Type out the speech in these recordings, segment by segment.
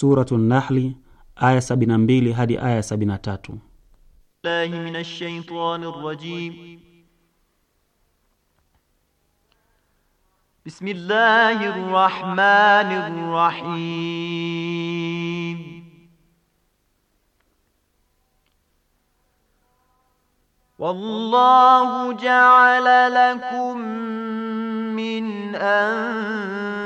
suratu Nahli aya 72 hadi aya 73. Billahi minash shaitani rajim. Bismillahir rahmanir rahim. والله جعل لكم من أنفسكم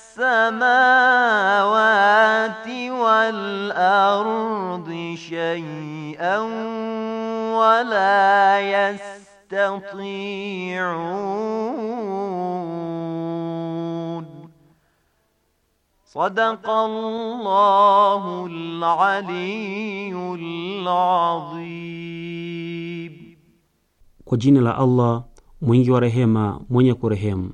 السماوات والأرض شيئا ولا يستطيعون صدق الله العلي العظيم kwa jina la allah mwingi wa rehema mwenye kurehemu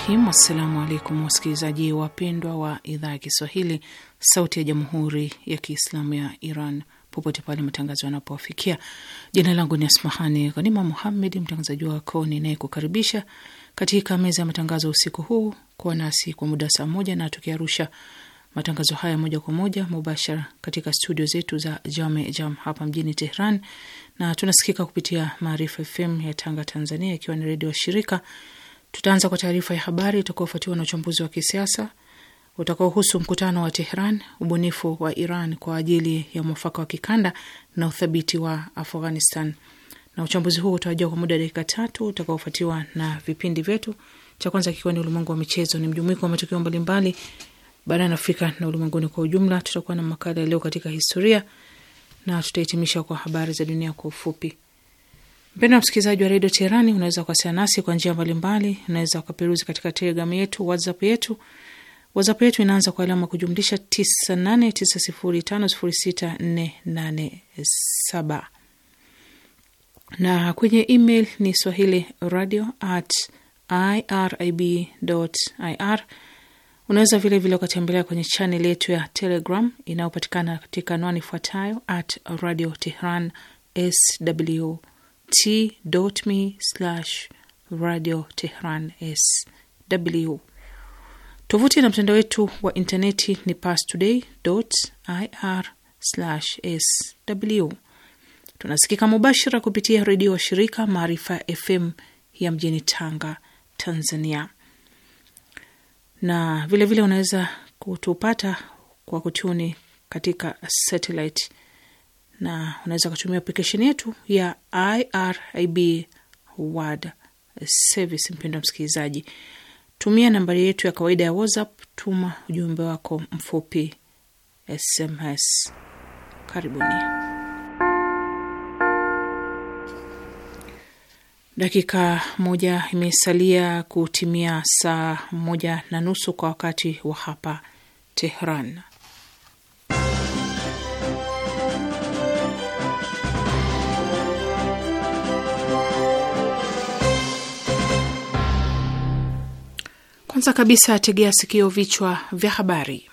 rahim. Assalamu alaikum wasikilizaji wapendwa wa idhaa ya Kiswahili sauti ya jamhuri ya Kiislamu ya Iran popote pale matangazo yanapowafikia. Jina langu ni Asmahani Ghanima Muhammed, mtangazaji wako ninayekukaribisha katika meza ya matangazo usiku huu, kuwa nasi kwa muda saa moja na tukiarusha matangazo haya moja kwa moja mubashara katika studio zetu za Jame Jam hapa mjini Tehran, na tunasikika kupitia Maarifa FM ya Tanga, Tanzania, ikiwa ni redio wa shirika Tutaanza kwa taarifa ya habari itakaofuatiwa na uchambuzi wa kisiasa utakaohusu mkutano wa Tehran, ubunifu wa Iran kwa ajili ya mwafaka wa kikanda na uthabiti wa Afghanistan. Na uchambuzi huu utawajia kwa muda dakika tatu utakaofuatiwa na vipindi vyetu, cha kwanza kikiwa ni ulimwengu wa michezo, ni mjumuiko wa matukio mbalimbali barani Afrika na ulimwenguni kwa ujumla. Tutakuwa na makala yaliyo katika historia na tutahitimisha kwa habari za dunia kwa ufupi. Mpendo wa msikilizaji wa redio Teherani, unaweza kuwasiliana nasi kwa njia mbalimbali. Unaweza ukaperuzi katika telegramu yetu, whatsapp yetu. Whatsapp yetu inaanza kwa alama kujumlisha 989050065487 na kwenye email ni swahili radio at irib ir. Unaweza vilevile ukatembelea kwenye chaneli yetu ya Telegram inayopatikana katika anwani ifuatayo at radio tehran sw t.me radio tehran sw. Tovuti na mtandao wetu wa intaneti ni pastoday ir sw. Tunasikika mubashara kupitia redio wa shirika Maarifa FM ya mjini Tanga, Tanzania, na vilevile vile unaweza kutupata kwa kutuni katika satellite na unaweza ukatumia aplikesheni yetu ya IRIB World Service. wa msikilizaji, tumia nambari yetu ya kawaida ya WhatsApp, tuma ujumbe wako mfupi SMS. Karibuni. Dakika moja imesalia kutimia saa moja na nusu kwa wakati wa hapa Tehran. Kwanza kabisa, tegea sikio vichwa vya habari.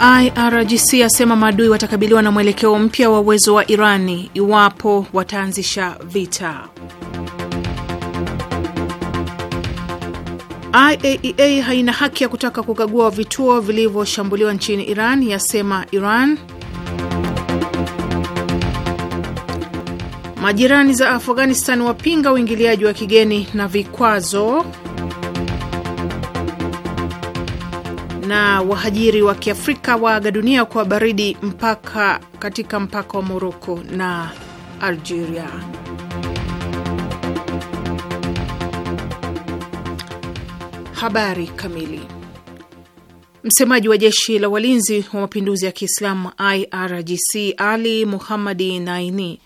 IRGC asema maadui watakabiliwa na mwelekeo mpya wa uwezo wa Irani iwapo wataanzisha vita. IAEA e haina haki ya kutaka kukagua vituo vilivyoshambuliwa nchini Iran, yasema Iran. Majirani za Afghanistan wapinga uingiliaji wa kigeni na vikwazo. Na wahajiri wa Kiafrika waaga dunia kwa baridi mpaka katika mpaka wa Moroko na Algeria. Habari kamili. Msemaji wa jeshi la walinzi wa mapinduzi ya Kiislamu IRGC Ali Muhammadi Naini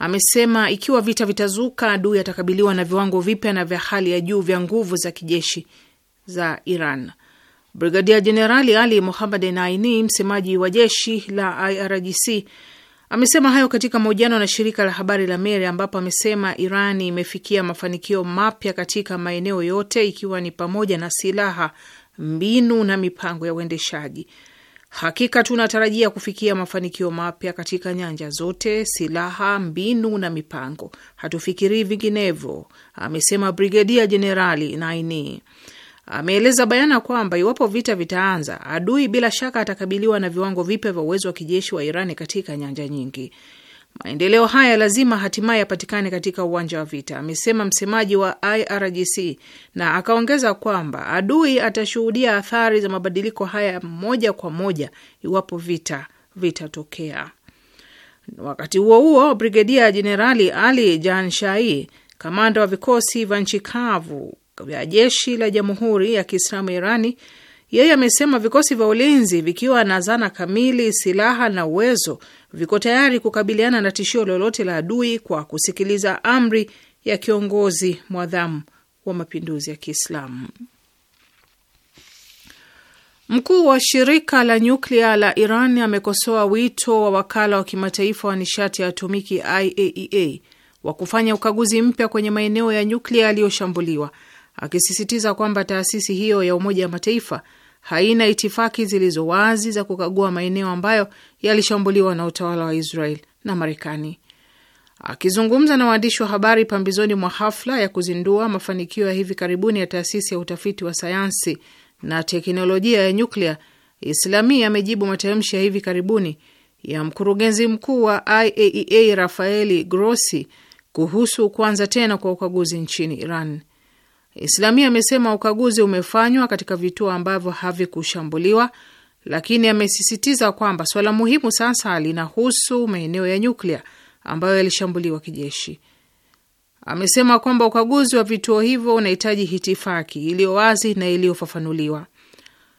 amesema ikiwa vita vitazuka, adui atakabiliwa na viwango vipya na vya hali ya juu vya nguvu za kijeshi za Iran. Brigadia Jenerali Ali Mohammad Naini, msemaji wa jeshi la IRGC, amesema hayo katika mahojiano na shirika la habari la Meri, ambapo amesema Iran imefikia mafanikio mapya katika maeneo yote, ikiwa ni pamoja na silaha, mbinu na mipango ya uendeshaji. Hakika tunatarajia kufikia mafanikio mapya katika nyanja zote, silaha, mbinu na mipango. Hatufikirii vinginevyo, amesema Brigedia Jenerali Naini. Ameeleza bayana kwamba iwapo vita vitaanza, adui bila shaka atakabiliwa na viwango vipya vya uwezo wa kijeshi wa Irani katika nyanja nyingi. Maendeleo haya lazima hatimaye yapatikane katika uwanja wa vita, amesema msemaji wa IRGC, na akaongeza kwamba adui atashuhudia athari za mabadiliko haya moja kwa moja iwapo vita vitatokea. Wakati huo huo, Brigedia Jenerali Ali Janshai, kamanda wa vikosi vya nchi kavu vya jeshi la Jamhuri ya Kiislamu Irani yeye amesema vikosi vya ulinzi vikiwa na zana kamili, silaha na uwezo, viko tayari kukabiliana na tishio lolote la adui kwa kusikiliza amri ya kiongozi mwadhamu wa mapinduzi ya Kiislamu. Mkuu wa shirika la nyuklia la Iran amekosoa wito wa wakala wa kimataifa wa nishati ya atomiki IAEA e wa kufanya ukaguzi mpya kwenye maeneo ya nyuklia yaliyoshambuliwa, akisisitiza kwamba taasisi hiyo ya Umoja wa Mataifa haina itifaki zilizo wazi za kukagua maeneo ambayo yalishambuliwa na utawala wa Israel na Marekani. Akizungumza na waandishi wa habari pambizoni mwa hafla ya kuzindua mafanikio ya hivi karibuni ya taasisi ya utafiti wa sayansi na teknolojia ya nyuklia, islami amejibu matamshi ya hivi karibuni ya mkurugenzi mkuu wa IAEA e Rafaeli Grossi kuhusu kuanza tena kwa ukaguzi nchini Iran. Islamia amesema ukaguzi umefanywa katika vituo ambavyo havikushambuliwa, lakini amesisitiza kwamba swala muhimu sasa linahusu maeneo ya nyuklia ambayo yalishambuliwa kijeshi. Amesema kwamba ukaguzi wa vituo hivyo unahitaji hitifaki iliyo wazi na iliyofafanuliwa.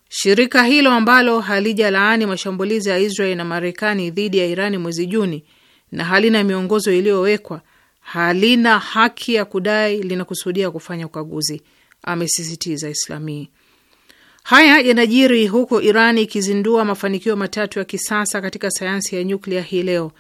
Shirika hilo ambalo halija laani mashambulizi ya Israeli na Marekani dhidi ya Irani mwezi Juni na halina miongozo iliyowekwa halina haki ya kudai linakusudia kufanya ukaguzi, amesisitiza Islamii. Haya yanajiri huku Iran ikizindua mafanikio matatu ya kisasa katika sayansi ya nyuklia hii leo,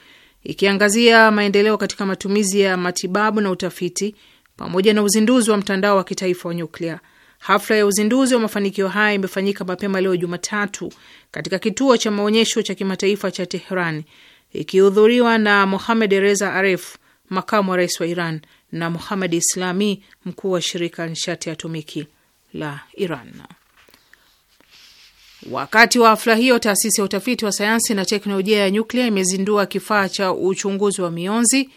ikiangazia maendeleo katika matumizi ya matibabu na utafiti pamoja na uzinduzi wa mtandao wa kitaifa wa nyuklia. Hafla ya uzinduzi wa mafanikio haya imefanyika mapema leo Jumatatu katika kituo cha maonyesho cha kimataifa cha Tehran, ikihudhuriwa na Mohamed Reza Aref, makamu wa rais wa Iran, na Muhamad Islami, mkuu wa shirika nishati ya atomiki la Iran. Wakati wa hafla hiyo, taasisi ya utafiti wa sayansi na teknolojia ya nyuklia imezindua kifaa cha uchunguzi wa mionzi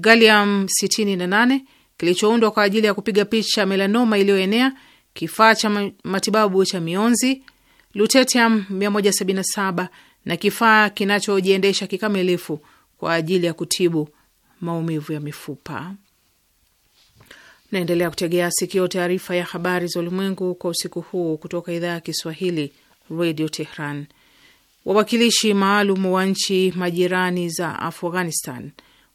gallium 68 kilichoundwa kwa ajili ya kupiga picha melanoma iliyoenea, kifaa cha matibabu cha mionzi lutetium 177 na kifaa kinachojiendesha kikamilifu kwa ajili ya kutibu maumivu ya mifupa. Naendelea kutegea sikio taarifa ya habari za ulimwengu kwa usiku huu kutoka idhaa ya Kiswahili Radio Tehran. Wawakilishi maalum wa nchi majirani za Afghanistan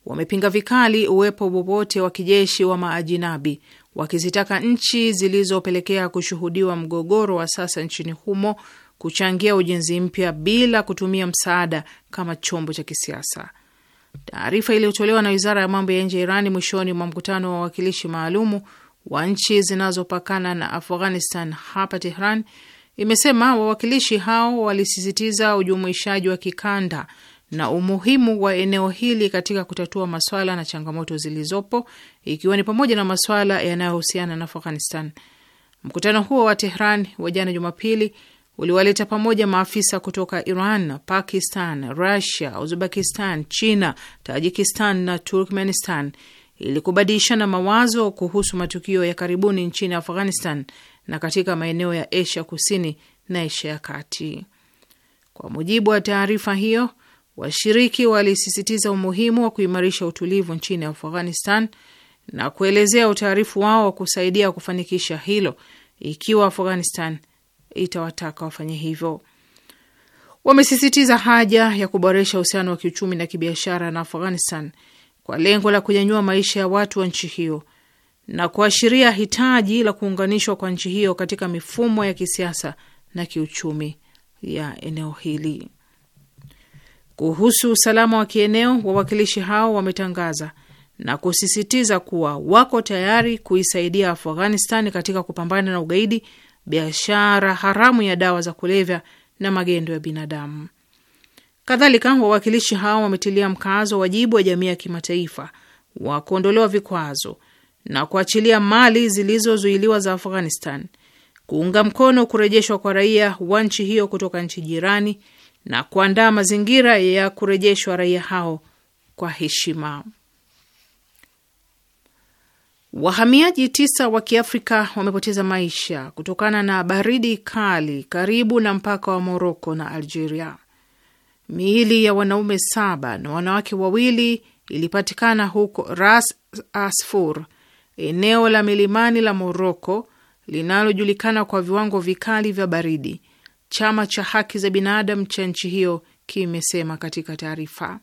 wamepinga vikali uwepo wowote wa kijeshi wa maajinabi, wakizitaka nchi zilizopelekea kushuhudiwa mgogoro wa sasa nchini humo kuchangia ujenzi mpya bila kutumia msaada kama chombo cha kisiasa. Taarifa iliyotolewa na wizara ya mambo ya nje ya Irani mwishoni mwa mkutano wa wawakilishi maalumu wa nchi zinazopakana na Afghanistan hapa Tehran imesema wawakilishi hao walisisitiza ujumuishaji wa kikanda na umuhimu wa eneo hili katika kutatua maswala na changamoto zilizopo ikiwa ni pamoja na maswala yanayohusiana na Afghanistan. Mkutano huo wa Tehran wa jana Jumapili uliwaleta pamoja maafisa kutoka Iran, Pakistan, Rusia, Uzbekistan, China, Tajikistan na Turkmenistan ili kubadilishana mawazo kuhusu matukio ya karibuni nchini Afghanistan na katika maeneo ya Asia kusini na Asia ya kati. Kwa mujibu wa taarifa hiyo, washiriki walisisitiza umuhimu wa kuimarisha utulivu nchini Afghanistan na kuelezea utaarifu wao wa kusaidia kufanikisha hilo ikiwa Afghanistan itawataka wafanye hivyo. Wamesisitiza haja ya kuboresha uhusiano wa kiuchumi na kibiashara na Afghanistan kwa lengo la kunyanyua maisha ya watu wa nchi hiyo na kuashiria hitaji la kuunganishwa kwa nchi hiyo katika mifumo ya kisiasa na kiuchumi ya eneo hili. Kuhusu usalama wa kieneo, wawakilishi hao wametangaza na kusisitiza kuwa wako tayari kuisaidia Afghanistan katika kupambana na ugaidi biashara haramu ya dawa za kulevya na magendo ya binadamu. Kadhalika, wawakilishi hao wametilia mkazo wajibu wa jamii ya kimataifa wa kuondolewa vikwazo na kuachilia mali zilizozuiliwa za Afghanistan, kuunga mkono kurejeshwa kwa raia wa nchi hiyo kutoka nchi jirani na kuandaa mazingira ya kurejeshwa raia hao kwa heshima. Wahamiaji tisa wa Kiafrika wamepoteza maisha kutokana na baridi kali karibu na mpaka wa Moroko na Algeria. Miili ya wanaume saba na wanawake wawili ilipatikana huko Ras Asfur, eneo la milimani la Moroko linalojulikana kwa viwango vikali vya baridi, chama cha haki za binadamu cha nchi hiyo kimesema katika taarifa.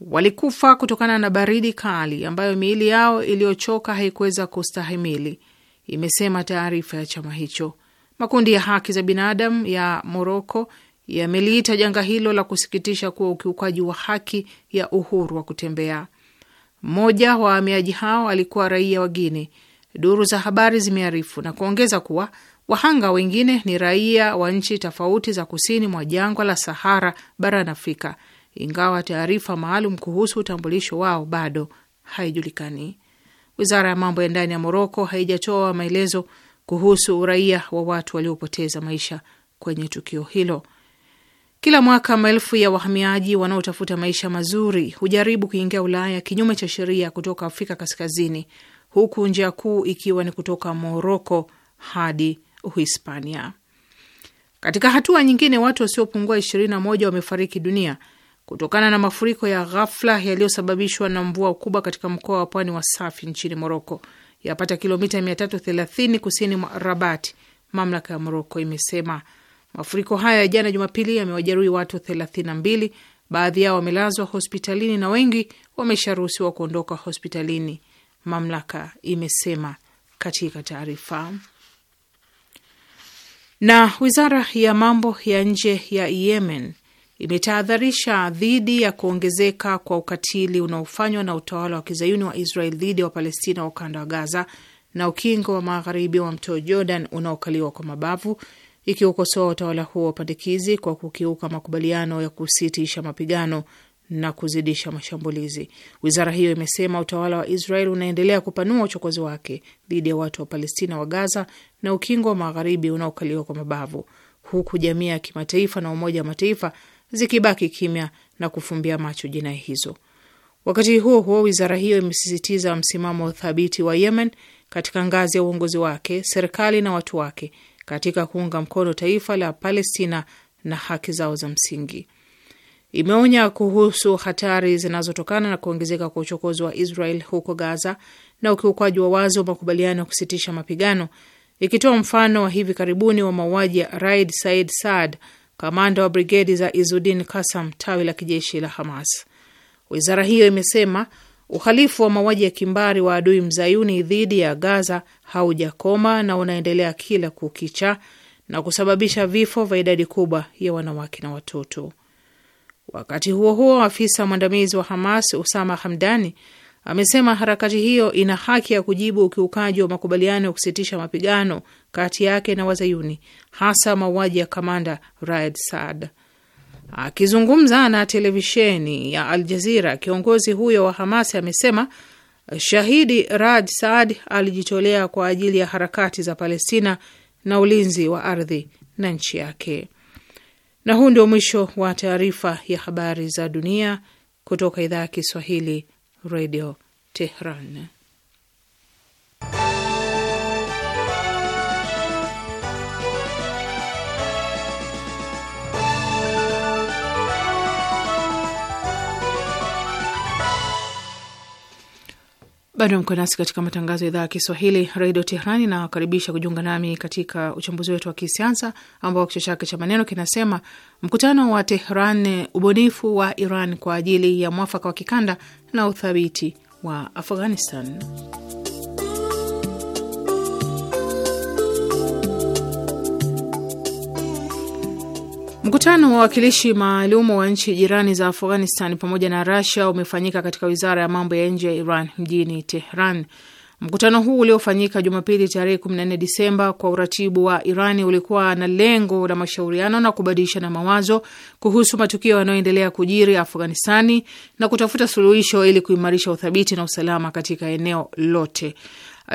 Walikufa kutokana na baridi kali ambayo miili yao iliyochoka haikuweza kustahimili, imesema taarifa ya chama hicho. Makundi ya haki za binadamu ya Moroko yameliita janga hilo la kusikitisha kuwa ukiukaji wa haki ya uhuru wa kutembea. Mmoja wa wahamiaji hao alikuwa raia wa Guine, duru za habari zimearifu na kuongeza kuwa wahanga wengine ni raia wa nchi tofauti za kusini mwa jangwa la Sahara barani Afrika ingawa taarifa maalum kuhusu utambulisho wao bado haijulikani. Wizara ya mambo ya ndani ya Moroko haijatoa maelezo kuhusu uraia wa watu waliopoteza maisha kwenye tukio hilo. Kila mwaka maelfu ya wahamiaji wanaotafuta maisha mazuri hujaribu kuingia Ulaya kinyume cha sheria kutoka Afrika Kaskazini, huku njia kuu ikiwa ni kutoka Moroko hadi Uhispania. Katika hatua nyingine, watu wasiopungua 21 wamefariki dunia kutokana na mafuriko ya ghafla yaliyosababishwa na mvua kubwa katika mkoa wa pwani wa Safi nchini Moroko, yapata kilomita 330 kusini mwa Rabat. Mamlaka ya Moroko imesema mafuriko hayo ya jana Jumapili yamewajeruhi watu 32, baadhi yao wamelazwa hospitalini na wengi wamesharuhusiwa kuondoka hospitalini, mamlaka imesema katika taarifa. Na wizara ya mambo ya nje ya Yemen imetahadharisha dhidi ya kuongezeka kwa ukatili unaofanywa na utawala wa kizayuni wa Israel dhidi ya Wapalestina wa ukanda wa Gaza na ukingo wa magharibi wa mto Jordan unaokaliwa kwa mabavu, ikiukosoa utawala huo wa pandikizi kwa kukiuka makubaliano ya kusitisha mapigano na kuzidisha mashambulizi. Wizara hiyo imesema utawala wa Israel unaendelea kupanua uchokozi wake dhidi ya watu wa Palestina wa Gaza na ukingo wa magharibi unaokaliwa kwa mabavu, huku jamii ya kimataifa na Umoja wa Mataifa zikibaki kimya na kufumbia macho jinai hizo. Wakati huo huo, wizara hiyo imesisitiza msimamo thabiti wa Yemen katika ngazi ya uongozi wake, serikali na watu wake katika kuunga mkono taifa la Palestina na haki zao za msingi. Imeonya kuhusu hatari zinazotokana na kuongezeka kwa uchokozi wa Israel huko Gaza na ukiukwaji wa wazi wa makubaliano ya kusitisha mapigano, ikitoa mfano wa hivi karibuni wa mauaji ya Raid Said Saad, kamanda wa brigedi za Izudin Kasam, tawi la kijeshi la Hamas. Wizara hiyo imesema uhalifu wa mauaji ya kimbari wa adui mzayuni dhidi ya Gaza haujakoma na unaendelea kila kukicha na kusababisha vifo vya idadi kubwa ya wanawake na watoto. Wakati huo huo, afisa mwandamizi wa Hamas Usama Hamdani amesema harakati hiyo ina haki ya kujibu ukiukaji wa makubaliano ya kusitisha mapigano kati yake na Wazayuni, hasa mauaji ya kamanda Raed Saad. Akizungumza na televisheni ya Al Jazira, kiongozi huyo wa Hamasi amesema shahidi Raed Saad alijitolea kwa ajili ya harakati za Palestina na ulinzi wa ardhi na nchi yake. Na huu ndio mwisho wa taarifa ya habari za dunia kutoka idhaa ya Kiswahili Redio Tehran. Bado mko nasi katika matangazo ya idhaa ya Kiswahili redio Tehrani Nawakaribisha kujiunga nami katika uchambuzi wetu wa kisiasa ambao kichwa chake cha maneno kinasema mkutano wa Tehran, ubunifu wa Iran kwa ajili ya mwafaka wa kikanda na uthabiti wa Afghanistan. Mkutano wa wakilishi maalumu wa nchi jirani za Afghanistan pamoja na Rasia umefanyika katika wizara ya mambo ya nje ya Iran mjini Tehran Mkutano huu uliofanyika Jumapili tarehe 14 Disemba kwa uratibu wa Irani ulikuwa na lengo la mashauriano na kubadilishana mawazo kuhusu matukio yanayoendelea kujiri Afghanistani na kutafuta suluhisho ili kuimarisha uthabiti na usalama katika eneo lote.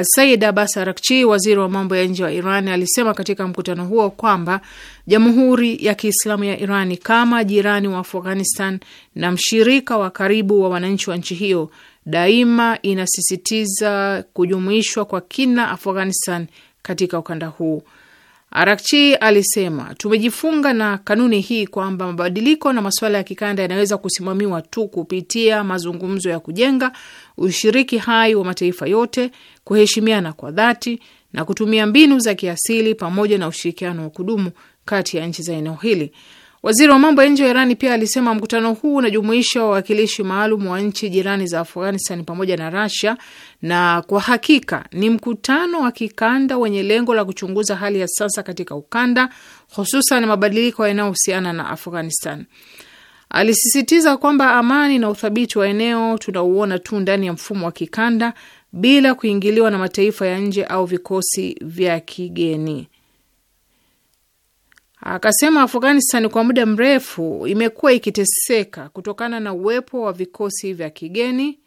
Said Abbas Arakchi, waziri wa mambo ya nje wa Iran, alisema katika mkutano huo kwamba Jamhuri ya Kiislamu ya Irani, kama jirani wa Afghanistan na mshirika wa karibu wa wananchi wa nchi hiyo, daima inasisitiza kujumuishwa kwa kina Afghanistan katika ukanda huu. Arakchi alisema tumejifunga na kanuni hii kwamba mabadiliko na masuala ya kikanda yanaweza kusimamiwa tu kupitia mazungumzo ya kujenga, ushiriki hai wa mataifa yote, kuheshimiana kwa dhati na kutumia mbinu za kiasili pamoja na ushirikiano wa kudumu kati ya nchi za eneo hili. Waziri wa mambo ya nje wa Irani pia alisema mkutano huu unajumuisha wawakilishi maalum wa nchi jirani za Afghanistan pamoja na Rasia, na kwa hakika ni mkutano wa kikanda wenye lengo la kuchunguza hali ya sasa katika ukanda, hususan mabadiliko yanayohusiana na Afghanistan. Alisisitiza kwamba amani na uthabiti wa eneo tunauona tu ndani ya mfumo wa kikanda bila kuingiliwa na mataifa ya nje au vikosi vya kigeni. Akasema Afghanistan kwa muda mrefu imekuwa ikiteseka kutokana na uwepo wa vikosi vya kigeni,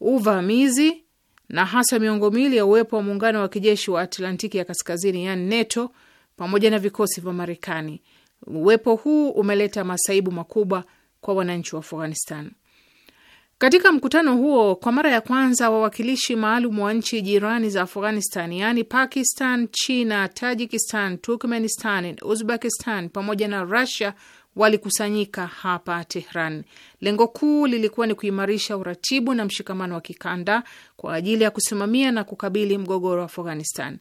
uvamizi na hasa miongo miwili ya uwepo wa muungano wa kijeshi wa Atlantiki ya Kaskazini, yaani NATO, pamoja na vikosi vya Marekani. Uwepo huu umeleta masaibu makubwa kwa wananchi wa Afghanistan. Katika mkutano huo kwa mara ya kwanza wawakilishi maalum wa nchi jirani za Afghanistan yaani Pakistan, China, Tajikistan, Turkmenistan, Uzbekistan pamoja na Rusia walikusanyika hapa Tehran. Lengo kuu lilikuwa ni kuimarisha uratibu na mshikamano wa kikanda kwa ajili ya kusimamia na kukabili mgogoro wa Afghanistan.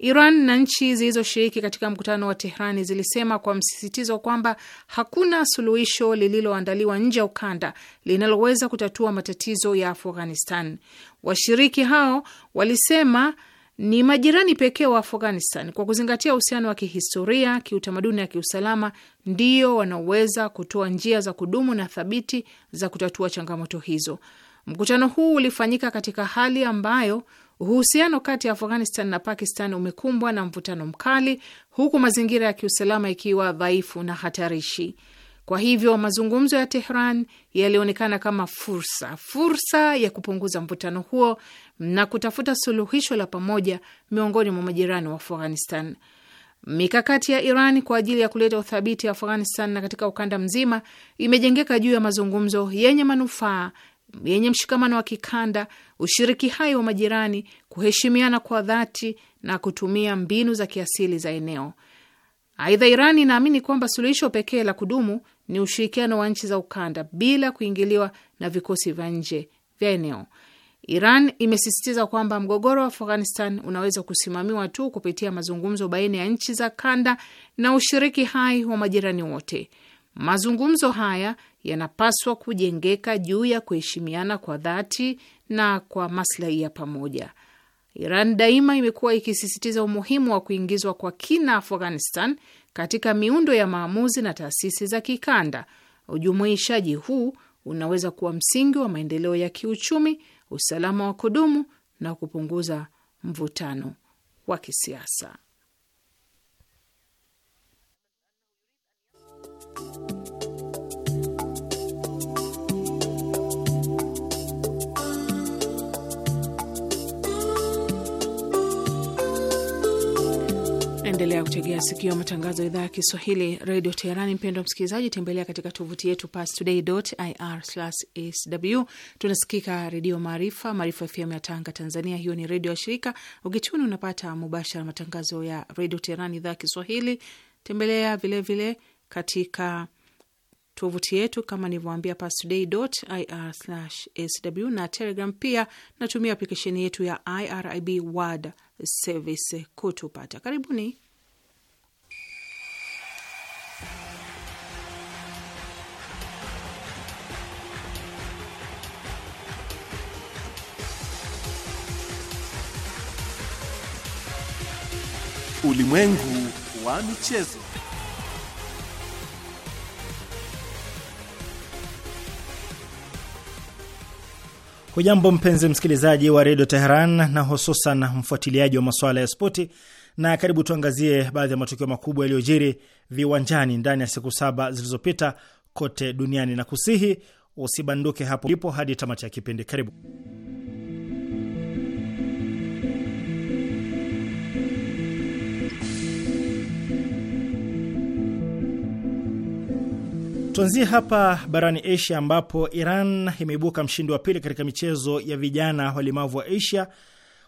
Iran na nchi zilizoshiriki katika mkutano wa Tehrani zilisema kwa msisitizo kwamba hakuna suluhisho lililoandaliwa nje ya ukanda linaloweza kutatua matatizo ya Afghanistan. Washiriki hao walisema ni majirani pekee wa Afghanistan kwa kuzingatia uhusiano wa kihistoria, kiutamaduni na kiusalama ndio wanaoweza kutoa njia za kudumu na thabiti za kutatua changamoto hizo. Mkutano huu ulifanyika katika hali ambayo Uhusiano kati ya Afghanistan na Pakistan umekumbwa na mvutano mkali, huku mazingira ya kiusalama ikiwa dhaifu na hatarishi. Kwa hivyo mazungumzo ya Tehran yalionekana kama fursa, fursa ya kupunguza mvutano huo na kutafuta suluhisho la pamoja miongoni mwa majirani wa Afghanistan. Mikakati ya Iran kwa ajili ya kuleta uthabiti Afghanistan na katika ukanda mzima imejengeka juu ya mazungumzo yenye manufaa yenye mshikamano wa kikanda, ushiriki hai wa majirani, kuheshimiana kwa dhati na kutumia mbinu za kiasili za eneo. Aidha, iran inaamini kwamba suluhisho pekee la kudumu ni ushirikiano wa nchi za ukanda bila kuingiliwa na vikosi vya nje vya eneo. Iran imesisitiza kwamba mgogoro wa Afghanistan unaweza kusimamiwa tu kupitia mazungumzo baina ya nchi za kanda na ushiriki hai wa majirani wote. Mazungumzo haya yanapaswa kujengeka juu ya kuheshimiana kwa dhati na kwa maslahi ya pamoja. Iran daima imekuwa ikisisitiza umuhimu wa kuingizwa kwa kina Afghanistan katika miundo ya maamuzi na taasisi za kikanda. Ujumuishaji huu unaweza kuwa msingi wa maendeleo ya kiuchumi, usalama wa kudumu na kupunguza mvutano wa kisiasa. Naendelea kutegea sikio matangazo ya idhaa ya Kiswahili redio Teherani. Mpendwa msikilizaji, tembelea katika tovuti yetu pastoday.ir/sw. Tunasikika redio Maarifa, Maarifa FM ya Tanga, Tanzania. Hiyo ni redio ya shirika. Ukichuni unapata mubashara matangazo ya redio Teherani idhaa ya Kiswahili. Tembelea vilevile vile katika Tovuti yetu kama nilivyoambia pastoday.ir/sw na Telegram pia natumia aplikesheni yetu ya IRIB World Service kutupata. Karibuni. Ulimwengu wa michezo. Hujambo mpenzi msikilizaji wa redio Teheran na hususan mfuatiliaji wa masuala ya spoti, na karibu tuangazie baadhi ya matukio makubwa yaliyojiri viwanjani ndani ya siku saba zilizopita kote duniani, na kusihi usibanduke hapo ulipo hadi tamati ya kipindi. Karibu. Tuanzie hapa barani Asia ambapo Iran imeibuka mshindi wa pili katika michezo ya vijana walemavu wa Asia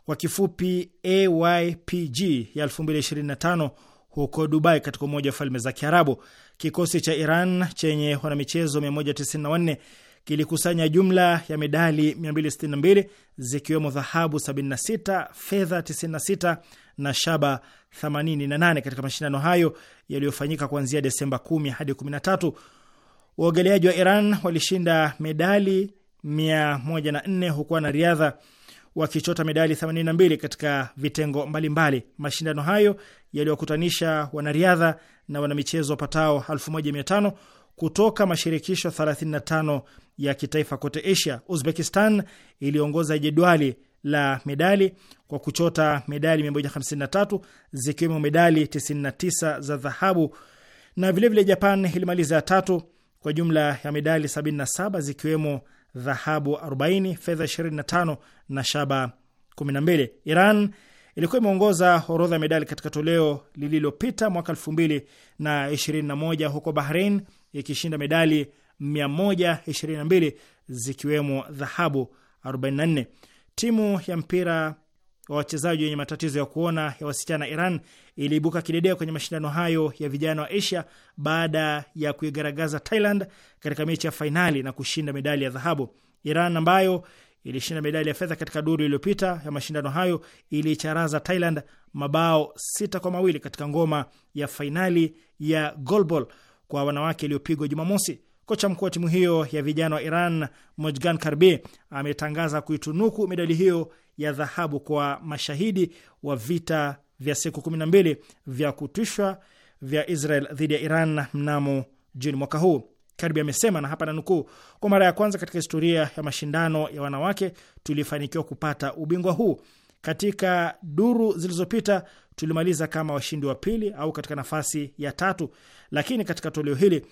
kwa kifupi AYPG ya 2025 huko Dubai katika Umoja wa Falme za Kiarabu. Kikosi cha Iran chenye wanamichezo 194 kilikusanya jumla ya medali 262 zikiwemo dhahabu 76, fedha 96 na shaba 88 katika mashindano hayo yaliyofanyika kuanzia Desemba 10 hadi 13 Waogeleaji wa Iran walishinda medali 104 huku wanariadha wakichota medali 82 katika vitengo mbalimbali mbali. Mashindano hayo yaliwakutanisha wanariadha na wanamichezo wapatao 1500 kutoka mashirikisho 35 ya kitaifa kote Asia. Uzbekistan iliongoza jedwali la medali kwa kuchota medali 153 zikiwemo medali 99 za dhahabu na vilevile vile Japan ilimaliza ya tatu kwa jumla ya medali 77 zikiwemo dhahabu 40, fedha 25 na shaba 12. Iran ilikuwa imeongoza orodha ya medali katika toleo lililopita mwaka 2021 huko Bahrain ikishinda medali 122 zikiwemo dhahabu 44. Timu ya mpira wa wachezaji wenye matatizo ya kuona ya wasichana Iran iliibuka kidedea kwenye mashindano hayo ya vijana wa Asia baada ya kuigaragaza Thailand katika mechi ya fainali na kushinda medali ya dhahabu. Iran ambayo ilishinda medali ya fedha katika duru iliyopita ya mashindano hayo iliicharaza Thailand mabao sita kwa mawili katika ngoma ya fainali ya golbol kwa wanawake iliyopigwa Jumamosi. Kocha mkuu wa timu hiyo ya vijana wa Iran Mojgan Karbi ametangaza kuitunuku medali hiyo ya dhahabu kwa mashahidi wa vita vya siku kumi na mbili vya kutwishwa vya Israel dhidi ya Iran mnamo Juni mwaka huu. Karbi amesema, na hapa nanukuu, kwa mara ya kwanza katika historia ya mashindano ya wanawake tulifanikiwa kupata ubingwa huu. Katika duru zilizopita tulimaliza kama washindi wa pili au katika nafasi ya tatu, lakini katika toleo hili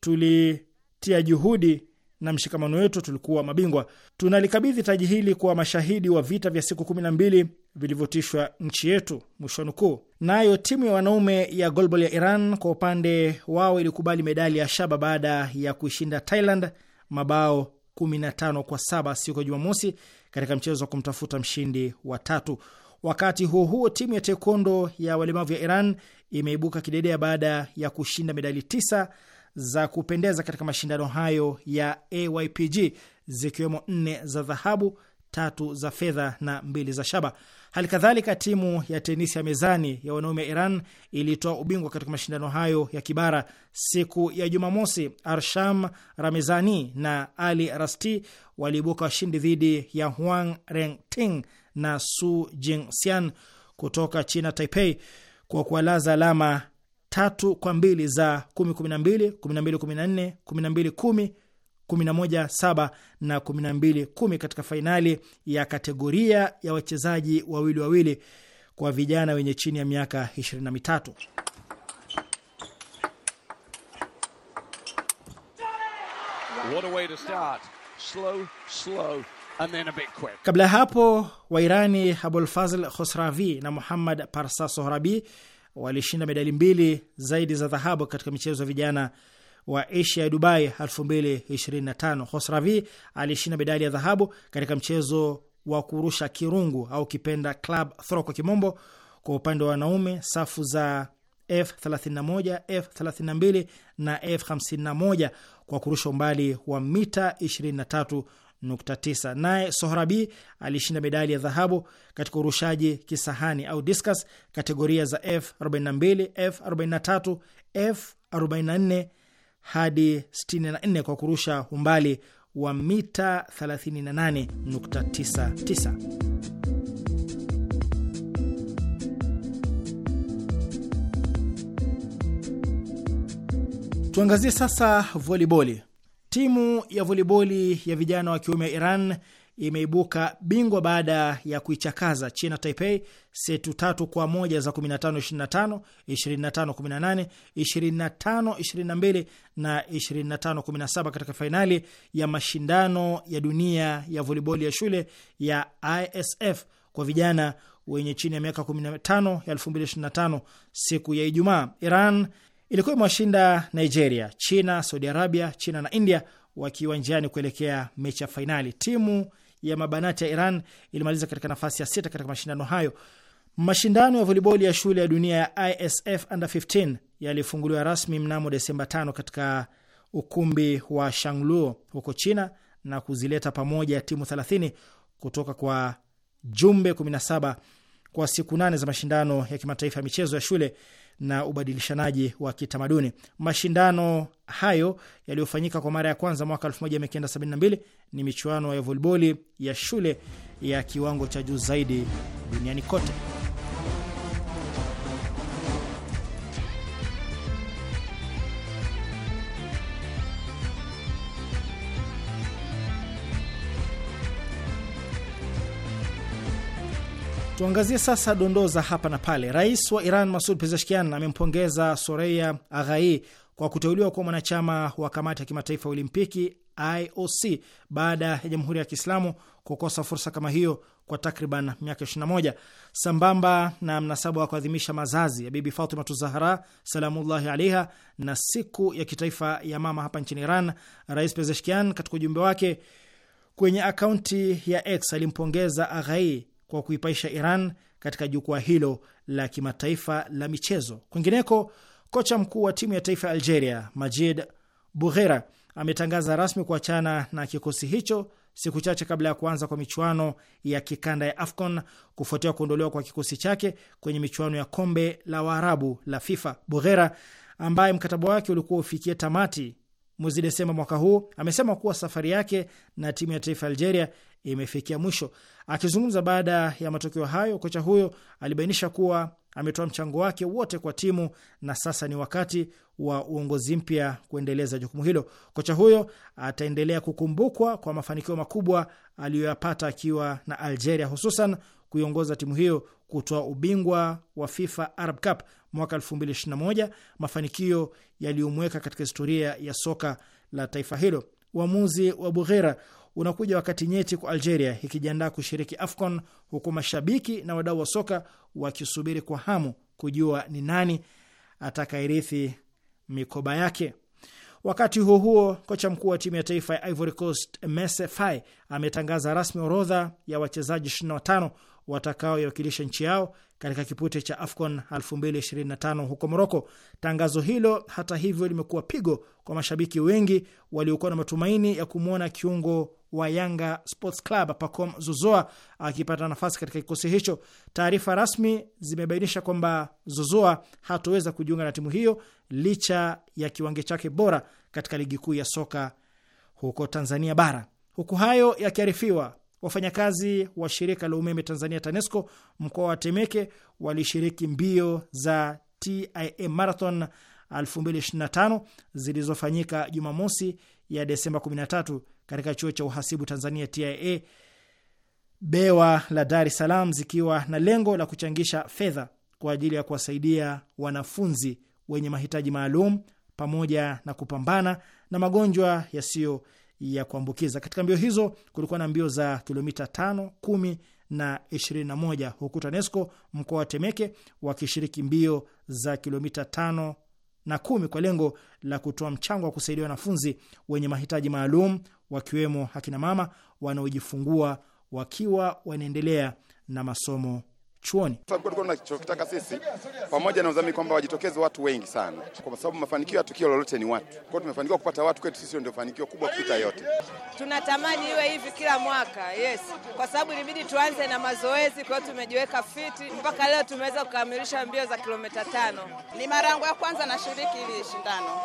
tulitia juhudi na mshikamano wetu tulikuwa mabingwa. Tunalikabidhi taji hili kwa mashahidi wa vita vya siku kumi na mbili vilivyotishwa nchi yetu, mwisho nukuu. Nayo timu ya wanaume ya golbol ya Iran kwa upande wao ilikubali medali ya shaba baada ya kuishinda Thailand mabao 15 kwa saba siku ya Jumamosi katika mchezo wa kumtafuta mshindi wa tatu. Wakati huo huo, timu ya taekwondo ya walemavu ya Iran imeibuka kidedea baada ya kushinda medali tisa za kupendeza katika mashindano hayo ya AYPG zikiwemo nne za dhahabu, tatu za fedha na mbili za shaba. Hali kadhalika timu ya tenisi ya mezani ya wanaume ya Iran ilitoa ubingwa katika mashindano hayo ya kibara siku ya Jumamosi. Arsham Ramezani na Ali Rasti waliibuka washindi dhidi ya Huang Rengting na Su Jingsian kutoka China Taipei kwa kuwalaza alama tatu kwa mbili za kumi kumi na mbili kumi na mbili mbili kumi kumi kumi kumi kumi na na na na na nne moja saba mbili kumi katika fainali ya kategoria ya wachezaji wawili wawili kwa vijana wenye chini ya miaka 23. What a way to start. Slow, slow, and then a bit quick. Kabla ya hapo Wairani Abulfazl Khosravi na Muhammad Parsa Sohrabi walishinda medali mbili zaidi za dhahabu katika michezo ya vijana wa Asia ya Dubai 2025. Hosravi alishinda medali ya dhahabu katika mchezo wa kurusha kirungu au kipenda club throw kwa kimombo, kwa upande wa wanaume safu za F31, F32 na F51 kwa kurusha umbali wa mita 9. Naye Sohrabi alishinda medali ya dhahabu katika urushaji kisahani au discus kategoria za F42, F43, F44 hadi 64 kwa kurusha umbali wa mita 38.99. Tuangazie sasa voliboli. Timu ya voliboli ya vijana wa kiume ya Iran imeibuka bingwa baada ya kuichakaza China Taipei setu tatu kwa moja za 15-25, 25-18, 25-22 na 25-17 katika fainali ya mashindano ya dunia ya voliboli ya shule ya ISF kwa vijana wenye chini ya miaka 15 ya 2025 siku ya Ijumaa. Iran Ilikuwa imewashinda Nigeria, China, Saudi Arabia, China na India wakiwa njiani kuelekea mechi ya fainali. Timu ya mabanati ya Iran ilimaliza katika nafasi ya sita katika mashindano hayo. Mashindano ya voliboli ya shule ya dunia ya ISF under 15 yalifunguliwa rasmi mnamo Desemba tano katika ukumbi wa Shangluo huko China na kuzileta pamoja timu 30 kutoka kwa jumbe 17 kwa siku nane za mashindano ya kimataifa ya michezo ya shule na ubadilishanaji wa kitamaduni. Mashindano hayo yaliyofanyika kwa mara ya kwanza mwaka 1972 ni michuano ya voliboli ya shule ya kiwango cha juu zaidi duniani kote. Tuangazie sasa dondoo za hapa na pale. Rais wa Iran Masud Pezeshkian amempongeza Soreya Aghai kwa kuteuliwa kuwa mwanachama wa kamati ya kimataifa ya Olimpiki IOC baada ya Jamhuri ya Kiislamu kukosa fursa kama hiyo kwa takriban miaka 21 sambamba na mnasaba wa kuadhimisha mazazi ya Bibi Fatimatu Zahra salamullahi alaiha na siku ya kitaifa ya mama hapa nchini Iran. Rais Pezeshkian katika ujumbe wake kwenye akaunti ya X alimpongeza Aghai kwa kuipaisha Iran katika jukwaa hilo la kimataifa la michezo. Kwingineko, kocha mkuu wa timu ya taifa ya Algeria Majid Bughera ametangaza rasmi kuachana na kikosi hicho siku chache kabla ya kuanza kwa michuano ya kikanda ya AFCON kufuatia kuondolewa kwa kikosi chake kwenye michuano ya kombe la Waarabu la FIFA. Bughera ambaye mkataba wake ulikuwa ufikie tamati mwezi Desemba mwaka huu amesema kuwa safari yake na timu ya taifa Algeria imefikia mwisho. Akizungumza baada ya matokeo hayo, kocha huyo alibainisha kuwa ametoa mchango wake wote kwa timu na sasa ni wakati wa uongozi mpya kuendeleza jukumu hilo. Kocha huyo ataendelea kukumbukwa kwa mafanikio makubwa aliyoyapata akiwa na Algeria, hususan kuiongoza timu hiyo kutoa ubingwa wa FIFA Arab Cup mwaka 2021, mafanikio yaliyomweka katika historia ya soka la taifa hilo. Uamuzi wa Bughera unakuja wakati nyeti kwa Algeria ikijiandaa kushiriki AFCON, huku mashabiki na wadau wa soka wakisubiri kwa hamu kujua ni nani atakairithi mikoba yake. Wakati huo huo, kocha mkuu wa timu ya taifa ya Ivory Coast Faye ametangaza rasmi orodha ya wachezaji 25 watakaoiwakilisha nchi yao katika kipute cha AFCON 2025 huko Moroko. Tangazo hilo hata hivyo limekuwa pigo kwa mashabiki wengi waliokuwa na matumaini ya kumwona kiungo wa Yanga Sports Club Pacom Zozoa akipata nafasi katika kikosi hicho. Taarifa rasmi zimebainisha kwamba Zozoa hatoweza kujiunga na timu hiyo licha ya kiwango chake bora katika ligi kuu ya soka huko Tanzania bara. Huku hayo yakiarifiwa Wafanyakazi wa shirika la umeme Tanzania, TANESCO, mkoa wa Temeke walishiriki mbio za TIM Marathon 2025 zilizofanyika Jumamosi ya Desemba 13 katika chuo cha uhasibu Tanzania, TIA, bewa la Dar es Salaam, zikiwa na lengo la kuchangisha fedha kwa ajili ya kuwasaidia wanafunzi wenye mahitaji maalum pamoja na kupambana na magonjwa yasiyo ya kuambukiza. Katika mbio hizo kulikuwa na mbio za kilomita tano, kumi na moja huku TANESCO mkoa wa Temeke wakishiriki mbio za kilomita tano na kumi kwa lengo la kutoa mchango wa kusaidia wanafunzi wenye mahitaji maalum wakiwemo akina mama wanaojifungua wakiwa wanaendelea na masomo chuoni. Tulikuwa tunachokitaka sisi pamoja na uzamii kwamba wajitokeze watu wengi sana, kwa sababu mafanikio ya tukio lolote ni watu. Kwa hiyo tumefanikiwa kupata watu, kwetu sisi ndio fanikio kubwa kupita yote. Tunatamani iwe hivi kila mwaka, yes, kwa sababu ilibidi tuanze na mazoezi, kwa hiyo tumejiweka fiti mpaka leo tumeweza kukamilisha mbio za kilomita tano. Ni mara yangu ya kwanza nashiriki hili shindano,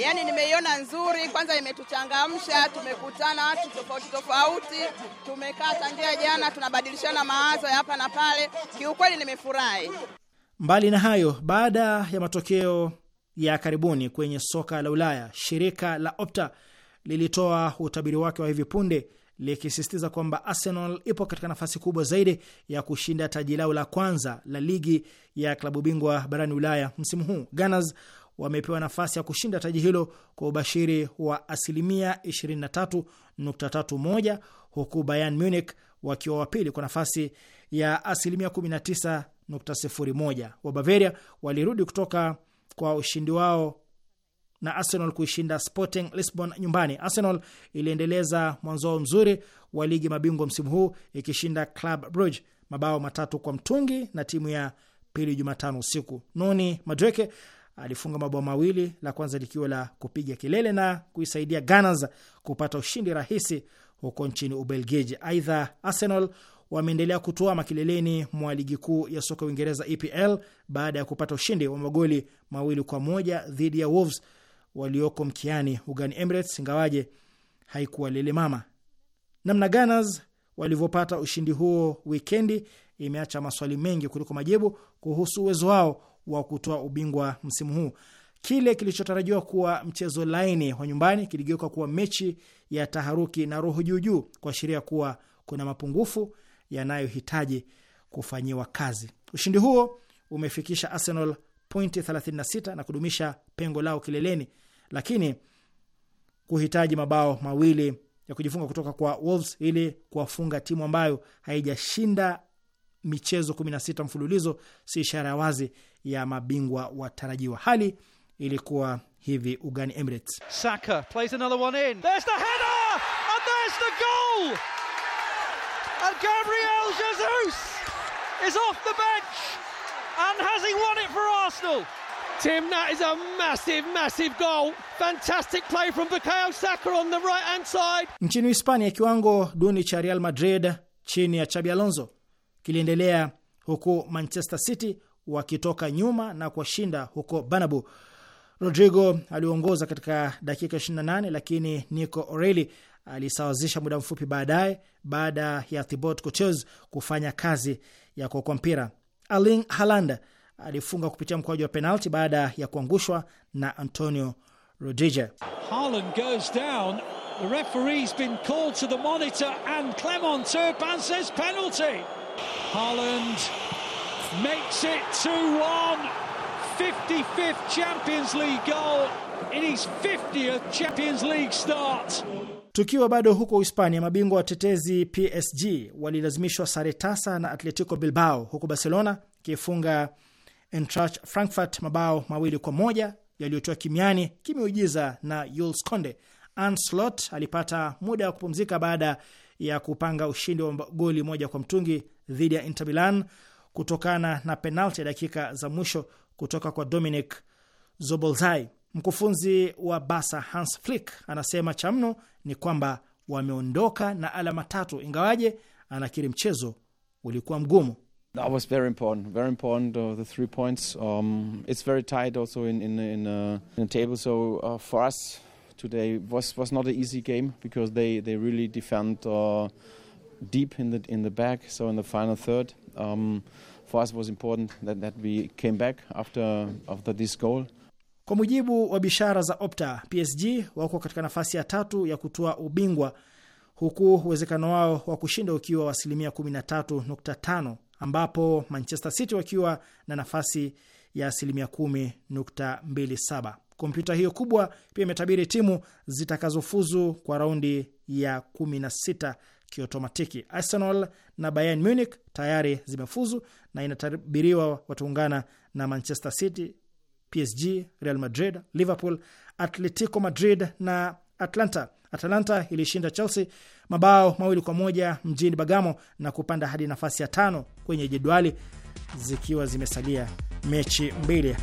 yaani nimeiona nzuri. Kwanza imetuchangamsha, tumekutana watu tofauti tofauti, tumekaa tangia jana tunabadilishana mawazo ya hapa na pale. Kiukweli nimefurahi. Mbali na hayo, baada ya matokeo ya karibuni kwenye soka la Ulaya, shirika la Opta lilitoa utabiri wake wa hivi punde likisisitiza kwamba Arsenal ipo katika nafasi kubwa zaidi ya kushinda taji lao la kwanza la ligi ya klabu bingwa barani Ulaya msimu huu. Gunners wamepewa nafasi ya kushinda taji hilo kwa ubashiri wa asilimia 23.31 huku Bayern Munich wakiwa wa pili kwa nafasi ya asilimia 19.01. Wa Bavaria walirudi kutoka kwa ushindi wao na Arsenal kuishinda Sporting Lisbon nyumbani. Arsenal iliendeleza mwanzo wao mzuri wa ligi mabingwa msimu huu ikishinda Club Brugge mabao matatu kwa mtungi na timu ya pili Jumatano usiku. Noni Madueke alifunga mabao mawili, la kwanza likiwa la kupiga kelele na kuisaidia Gunners kupata ushindi rahisi huko nchini Ubelgiji. Aidha, Arsenal wameendelea kutuama kileleni mwa ligi kuu ya soka Uingereza, EPL, baada ya kupata ushindi wa magoli mawili kwa moja dhidi ya Wolves walioko mkiani ugani Emirates, ingawaje haikuwa lele mama. Namna Gunners walivyopata ushindi huo wikendi imeacha maswali mengi kuliko majibu kuhusu uwezo wao wa kutoa ubingwa msimu huu. Kile kilichotarajiwa kuwa mchezo laini wa nyumbani kiligeuka kuwa mechi ya taharuki na roho juujuu, kuashiria kuwa kuna mapungufu yanayohitaji kufanyiwa kazi. Ushindi huo umefikisha Arsenal pointi 36 na kudumisha pengo lao kileleni, lakini kuhitaji mabao mawili ya kujifunga kutoka kwa Wolves ili kuwafunga timu ambayo haijashinda michezo 16 mfululizo si ishara ya wazi ya mabingwa watarajiwa. Hali ilikuwa hivi ugani Emirates. Saka plays another one in. There's the header and there's the goal. And Gabriel Jesus is off the bench and has he won it for Arsenal? Tim, that is a massive, massive goal. Fantastic play from Bukayo Saka on the right hand side. Nchini Hispania, kiwango duni cha Real Madrid chini ya Xabi Alonso kiliendelea huku Manchester City wakitoka nyuma na kuwashinda huko Bernabeu. Rodrigo aliongoza katika dakika 28 lakini Nico o'reli alisawazisha muda mfupi baadaye baada ya Thibaut Courtois kufanya kazi ya kuokoa mpira. Erling Haaland alifunga kupitia mkwaju wa penalti baada ya kuangushwa na Antonio Rudiger. Haaland goes down. The referee's been called to the monitor and Clement Turpin says penalty. Haaland makes it 2-1. 55th Champions League goal in his 50th Champions League start. Tukiwa bado huko Hispania, mabingwa watetezi PSG walilazimishwa sare tasa na Atletico Bilbao, huku Barcelona kifunga Eintracht Frankfurt mabao mawili kwa moja yaliyotoa kimiani kimeujiza na Jules Konde. Anslot alipata muda wa kupumzika baada ya kupanga ushindi wa goli moja kwa mtungi dhidi ya Inter Milan kutokana na penalti ya dakika za mwisho kutoka kwa Dominic Zobolzai. Mkufunzi wa Basa Hans Flick anasema cha mno ni kwamba wameondoka na alama tatu, ingawaje anakiri mchezo ulikuwa mgumu. That was very important, very important, uh, the three points. Um, it's very tight also in, in, in, uh, in the table. So uh, for us today was, was not an easy game because they, they really defend uh, deep in the, in the back. So in the final third, um, for us was important that, that we came back after, after this goal. Kwa mujibu wa bishara za Opta, PSG wako katika nafasi ya tatu ya kutoa ubingwa huku uwezekano wao wa kushinda ukiwa wa asilimia 13.5 ambapo Manchester City wakiwa na nafasi ya asilimia 10.27. Kompyuta hiyo kubwa pia imetabiri timu zitakazofuzu kwa raundi ya 16 kiotomatiki. Arsenal na Bayern Munich tayari zimefuzu na inatabiriwa wataungana na Manchester City, PSG, Real Madrid, Liverpool, Atletico Madrid na Atlanta. Atalanta ilishinda Chelsea mabao mawili kwa moja mjini Bagamo na kupanda hadi nafasi ya tano kwenye jedwali zikiwa zimesalia mechi mbili.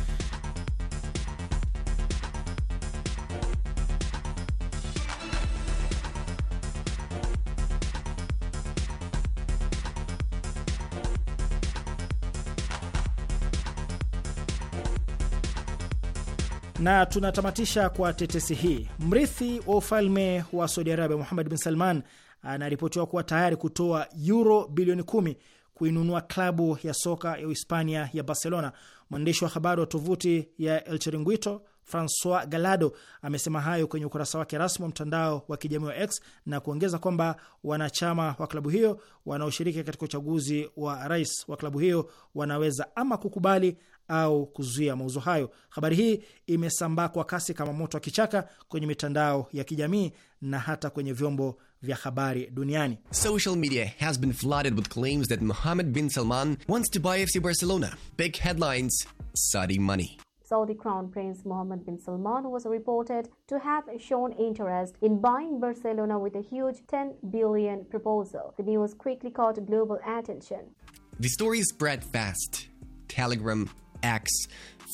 Na tunatamatisha kwa tetesi hii. Mrithi wa ufalme wa Saudi Arabia Muhammad bin Salman anaripotiwa kuwa tayari kutoa euro bilioni kumi kuinunua klabu ya soka ya Uhispania ya Barcelona. Mwandishi wa habari wa tovuti ya El Chiringuito Francois Galado amesema hayo kwenye ukurasa wake rasmi wa mtandao wa kijamii wa X na kuongeza kwamba wanachama wa klabu hiyo wanaoshiriki katika uchaguzi wa rais wa klabu hiyo wanaweza ama kukubali au kuzuia mauzo hayo. Habari hii imesambaa kwa kasi kama moto wa kichaka kwenye mitandao ya kijamii na hata kwenye vyombo vya habari duniani. Social media has been flooded with claims that Mohammed bin Salman wants to buy FC Barcelona. Big headlines, Saudi money. Saudi Crown Prince Mohammed bin Salman was reported to have shown interest in buying Barcelona with a huge 10 billion proposal. The news quickly caught global attention. The story spread fast. Telegram X,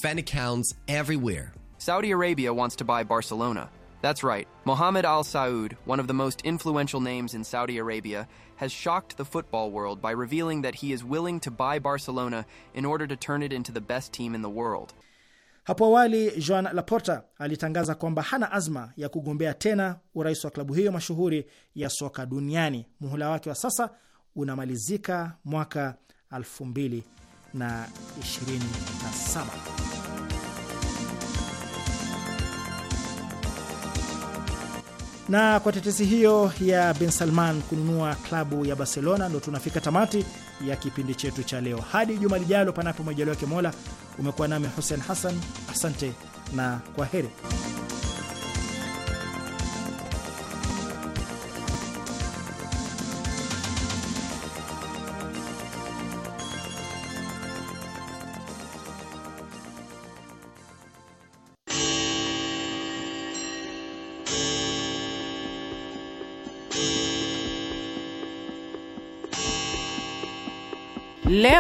fan accounts everywhere. Saudi Arabia wants to buy Barcelona. That's right, Mohammed Al Saud, one of the most influential names in Saudi Arabia, has shocked the football world by revealing that he is willing to buy Barcelona in order to turn it into the best team in the world. Hapo awali Joan Laporta alitangaza kwamba hana azma ya kugombea tena urais wa klabu hiyo mashuhuri ya soka duniani. Muhula wake wa sasa unamalizika mwaka 2000. na 27. na kwa tetesi hiyo ya Bin Salman kununua klabu ya Barcelona, ndo tunafika tamati ya kipindi chetu cha leo. Hadi juma lijalo, panapo majaliwa wake Mola. Umekuwa nami Hussein Hassan, asante na kwa heri.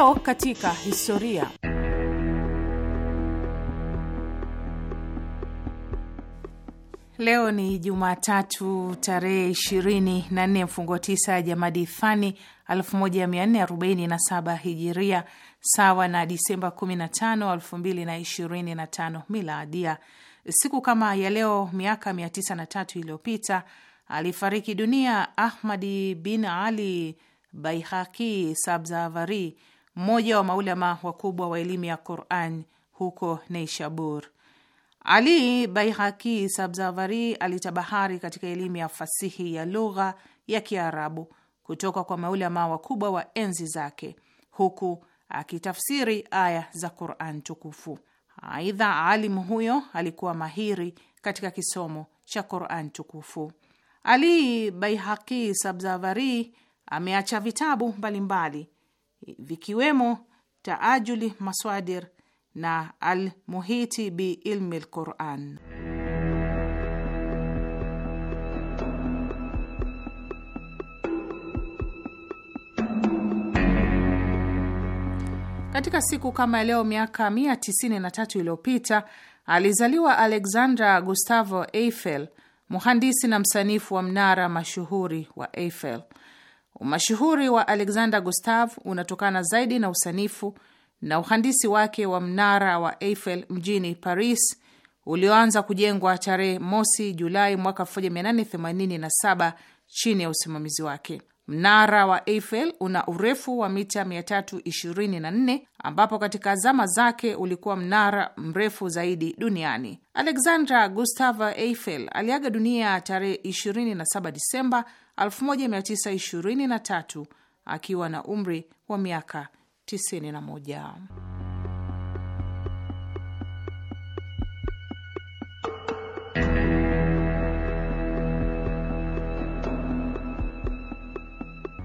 Leo katika historia. Leo ni Jumatatu tarehe 24 mfungo 9 Jamadi Thani 1447 Hijiria, sawa na Disemba 15, 2025 Miladia. Siku kama ya leo miaka 903 iliyopita alifariki dunia Ahmadi bin Ali Baihaki Sabzavari, mmoja wa maulama wakubwa wa elimu ya Quran huko Neishabur. Ali Baihaki Sabzavari alitabahari katika elimu ya fasihi ya lugha ya Kiarabu kutoka kwa maulama wakubwa wa enzi zake, huku akitafsiri aya za Quran tukufu. Aidha, alimu huyo alikuwa mahiri katika kisomo cha Quran tukufu. Ali Baihaki Sabzavari ameacha vitabu mbalimbali vikiwemo Taajuli Maswadir na Almuhiti bi Ilmi lquran. Katika siku kama leo miaka 193 iliyopita alizaliwa Alexandra Gustavo Eiffel, muhandisi na msanifu wa mnara mashuhuri wa Eiffel. Umashuhuri wa Alexander Gustav unatokana zaidi na usanifu na uhandisi wake wa mnara wa Eiffel mjini Paris ulioanza kujengwa tarehe mosi Julai mwaka 1887 chini ya usimamizi wake. Mnara wa Eiffel una urefu wa mita 324 ambapo katika zama zake ulikuwa mnara mrefu zaidi duniani. Alexandra Gustava Eiffel aliaga dunia tarehe 27 Disemba 1923 akiwa na umri wa miaka 91.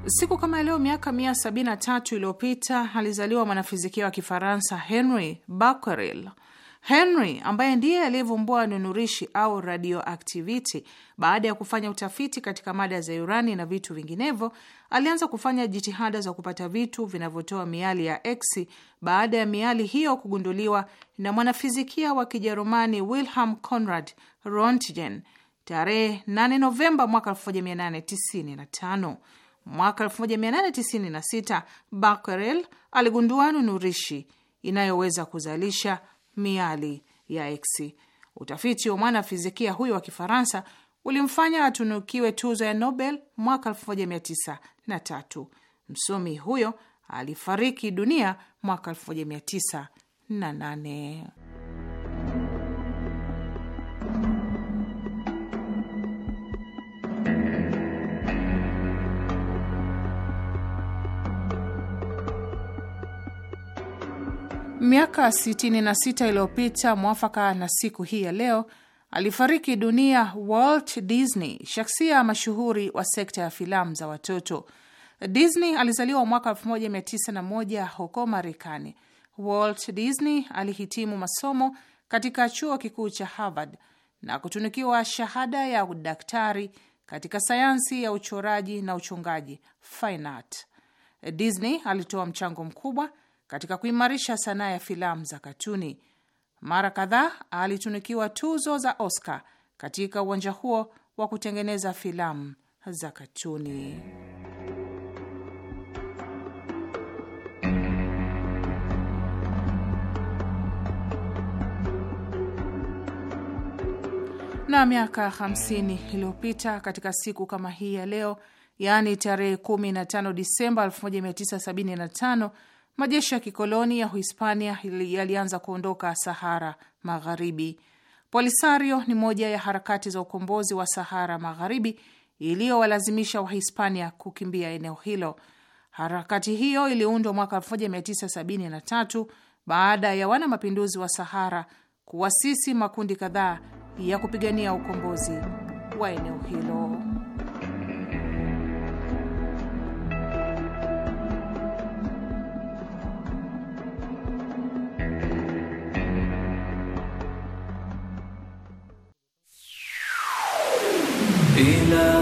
Siku kama leo miaka 73 iliyopita alizaliwa mwanafizikia wa Kifaransa Henry Becquerel Henry ambaye ndiye aliyevumbua nunurishi au radioactivity, baada ya kufanya utafiti katika mada za urani na vitu vinginevyo, alianza kufanya jitihada za kupata vitu vinavyotoa miali ya X baada ya miali hiyo kugunduliwa na mwanafizikia wa Kijerumani Wilhelm Conrad Rontgen tarehe 8 Novemba mwaka 1895. Mwaka 1896 Becquerel aligundua nunurishi inayoweza kuzalisha miali ya eksi. Utafiti wa mwanafizikia huyo wa Kifaransa ulimfanya atunukiwe tuzo ya Nobel mwaka 1903. Msomi huyo alifariki dunia mwaka 1908. Miaka 66 iliyopita mwafaka na siku hii ya leo alifariki dunia Walt Disney, shaksia mashuhuri wa sekta ya filamu za watoto. Disney alizaliwa mwaka 1901 huko Marekani. Walt Disney alihitimu masomo katika chuo kikuu cha Harvard na kutunikiwa shahada ya udaktari katika sayansi ya uchoraji na uchungaji, fine art. Disney alitoa mchango mkubwa katika kuimarisha sanaa ya filamu za katuni. Mara kadhaa alitunikiwa tuzo za Oscar katika uwanja huo wa kutengeneza filamu za katuni. Na miaka 50 iliyopita katika siku kama hii ya leo, yaani tarehe 15 Disemba 1975 Majeshi ya kikoloni ya Uhispania yalianza kuondoka Sahara Magharibi. Polisario ni moja ya harakati za ukombozi wa Sahara Magharibi iliyowalazimisha Wahispania kukimbia eneo hilo. Harakati hiyo iliundwa mwaka 1973 baada ya wana mapinduzi wa Sahara kuwasisi makundi kadhaa ya kupigania ukombozi wa eneo hilo. إلى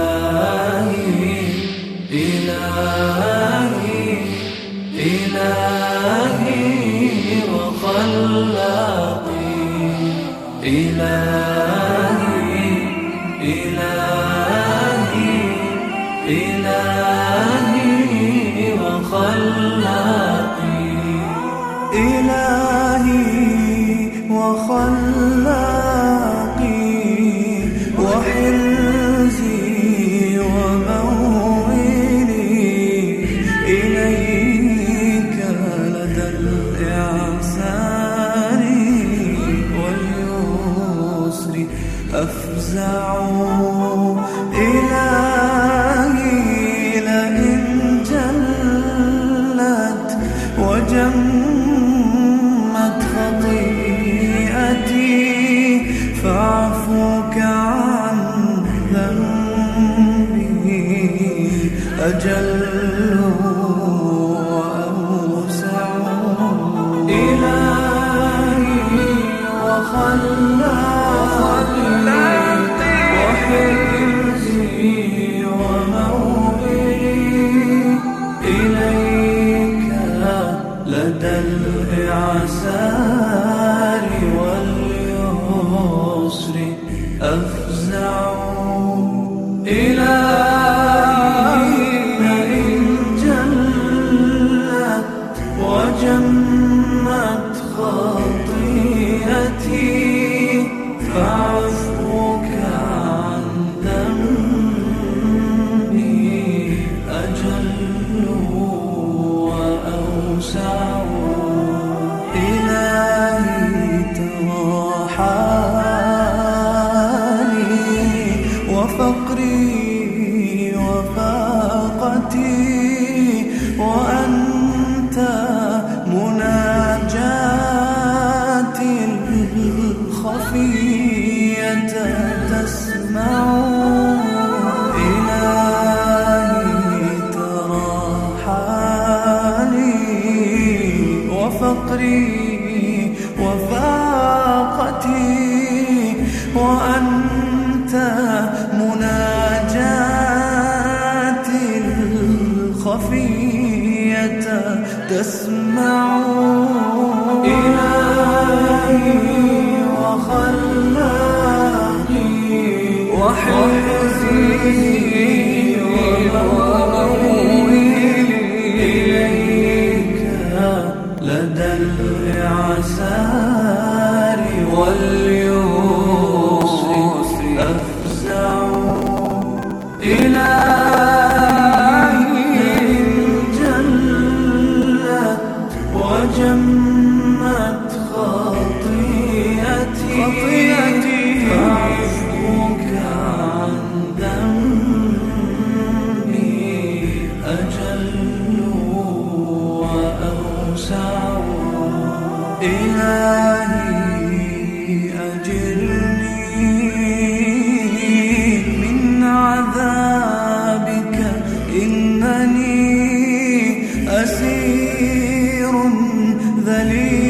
那里。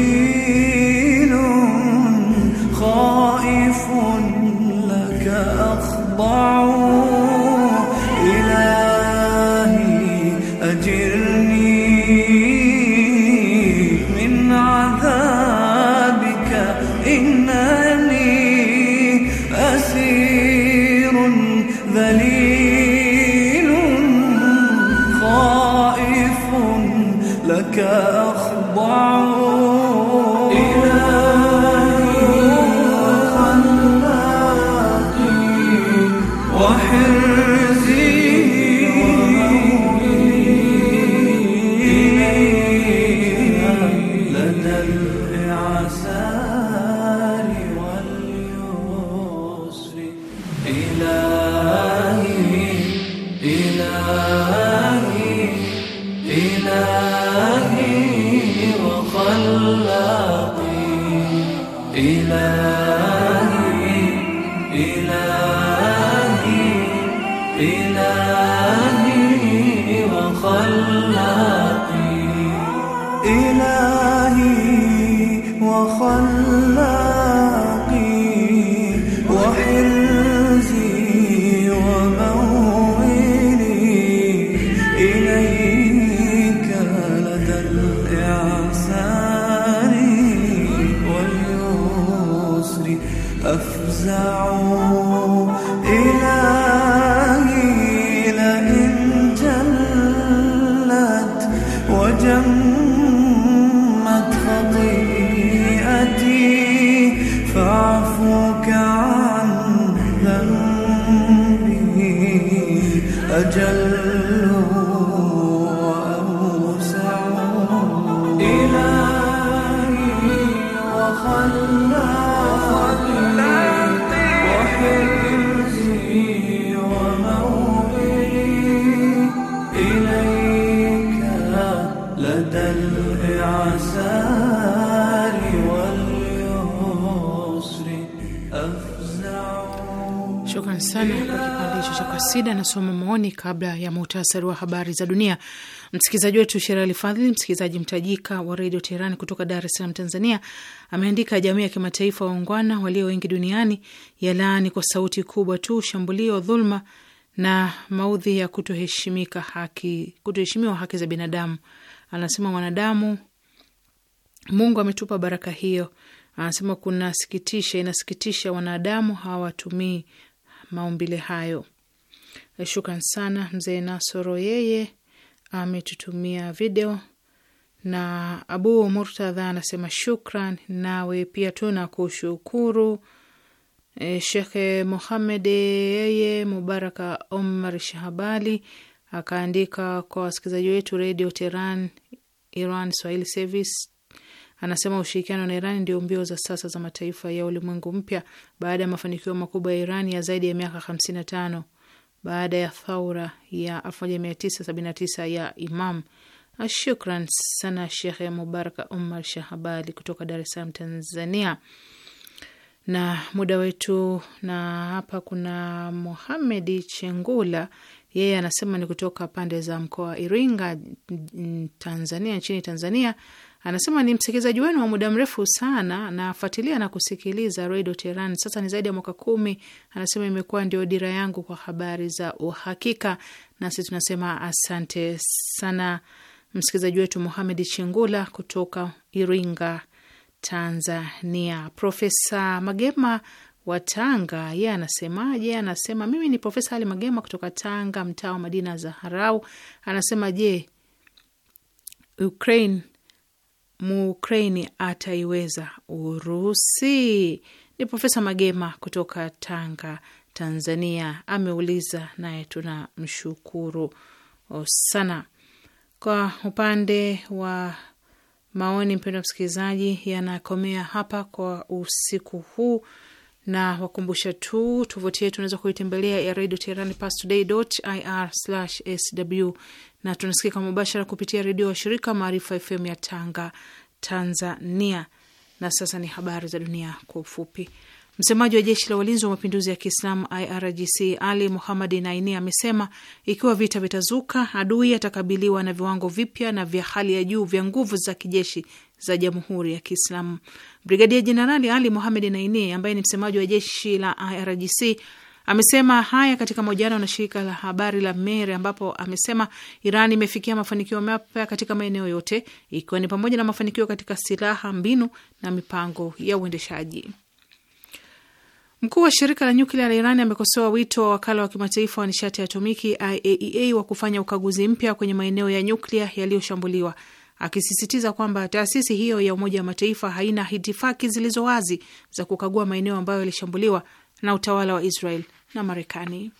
أجل sana kwa kipande hicho cha kasida. Nasoma maoni kabla ya muhtasari wa habari za dunia. Msikilizaji wetu Sherali Fadhili, msikilizaji mtajika wa redio Teherani kutoka Dar es Salaam, Tanzania, ameandika: jamii ya kimataifa waungwana walio wengi duniani yalaani kwa sauti kubwa tu shambulio, dhuluma na maudhi ya kutoheshimika haki, kutoheshimiwa haki za binadamu. Anasema mwanadamu, Mungu ametupa baraka hiyo. Anasema kunasikitisha, inasikitisha wanadamu hawatumii maumbile hayo. Eh, shukran sana mzee Nasoro, yeye ametutumia video na Abu Murtadha anasema shukran, nawe pia tuna kushukuru. E, eh, Shekhe Muhamed yeye Mubaraka Omar Shahabali akaandika kwa wasikilizaji wetu Redio Teran Iran Swahili Service Anasema ushirikiano na iran ndio mbio za sasa za mataifa ya ulimwengu mpya baada ya mafanikio makubwa ya iran ya zaidi ya miaka 55 baada ya thaura ya 1979 ya Imam. Shukran sana Shekhe Mubaraka Umar Shahabali kutoka Dar es Salaam, Tanzania. Na muda wetu na hapa, kuna Muhamedi Chengula yeye anasema ni kutoka pande za mkoa wa Iringa, Tanzania, nchini Tanzania. Anasema ni msikilizaji wenu wa muda mrefu sana, nafuatilia na kusikiliza redio Teheran sasa ni zaidi ya mwaka kumi. Anasema imekuwa ndio dira yangu kwa habari za uhakika, nasi tunasema asante sana msikilizaji wetu Muhamed Chingula kutoka Iringa, Tanzania. Profesa Magema wa Tanga yeye anasemaje? Anasema mimi ni Profesa Ali Magema kutoka Tanga, mtaa wa Madina Zaharau. Anasema je, Ukraine Muukraini ataiweza Urusi? Ni Profesa Magema kutoka Tanga, Tanzania ameuliza, naye tunamshukuru sana. Kwa upande wa maoni, mpendo wa msikilizaji, yanakomea hapa kwa usiku huu na wakumbusha tu tovuti yetu unaweza kuitembelea ya redio Teherani pastoday.ir/sw, na tunasikika mubashara kupitia redio wa shirika Maarifa FM ya Tanga, Tanzania. Na sasa ni habari za dunia kwa ufupi. Msemaji wa jeshi la walinzi wa mapinduzi ya Kiislamu IRGC Ali Muhamadi Naini amesema ikiwa vita vitazuka, adui atakabiliwa na viwango vipya na vya hali ya juu vya nguvu za kijeshi za Jamhuri ya Kiislamu. Brigadia Jenerali Ali Mohamed Naini, ambaye ni msemaji wa jeshi la IRGC, amesema haya katika mahojiano na shirika la habari la Mer, ambapo amesema Iran imefikia mafanikio mapya katika maeneo yote, ikiwa ni pamoja na mafanikio katika silaha, mbinu na mipango ya uendeshaji. Mkuu wa shirika la nyuklia la Iran amekosoa wito wa wakala wa kimataifa wa nishati ya atomiki IAEA e wa kufanya ukaguzi mpya kwenye maeneo ya nyuklia yaliyoshambuliwa akisisitiza kwamba taasisi hiyo ya Umoja wa Mataifa haina hitifaki zilizo wazi za kukagua maeneo ambayo yalishambuliwa na utawala wa Israel na Marekani.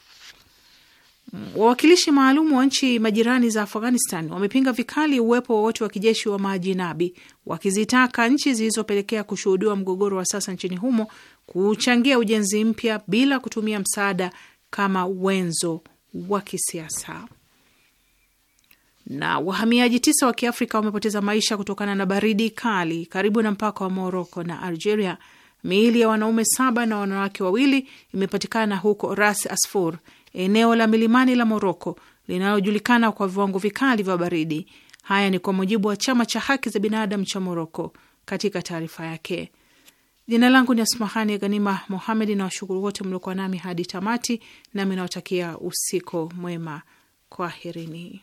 Wawakilishi maalum wa nchi majirani za Afghanistan wamepinga vikali uwepo wowote wa kijeshi wa maajinabi, wakizitaka nchi zilizopelekea kushuhudiwa mgogoro wa sasa nchini humo kuchangia ujenzi mpya bila kutumia msaada kama wenzo wa kisiasa na wahamiaji tisa wa Kiafrika wamepoteza maisha kutokana na baridi kali karibu na mpaka wa Moroko na Algeria. Miili ya wanaume saba na wanawake wawili imepatikana huko Ras Asfur, eneo la milimani la Moroko linalojulikana kwa viwango vikali vya baridi. Haya ni kwa mujibu wa chama cha haki za binadamu cha Moroko katika taarifa yake. Jina langu ni Asmahani Ganima Mohamed na washukuru wote mliokuwa nami hadi tamati, nami nawatakia usiku mwema. Kwaherini.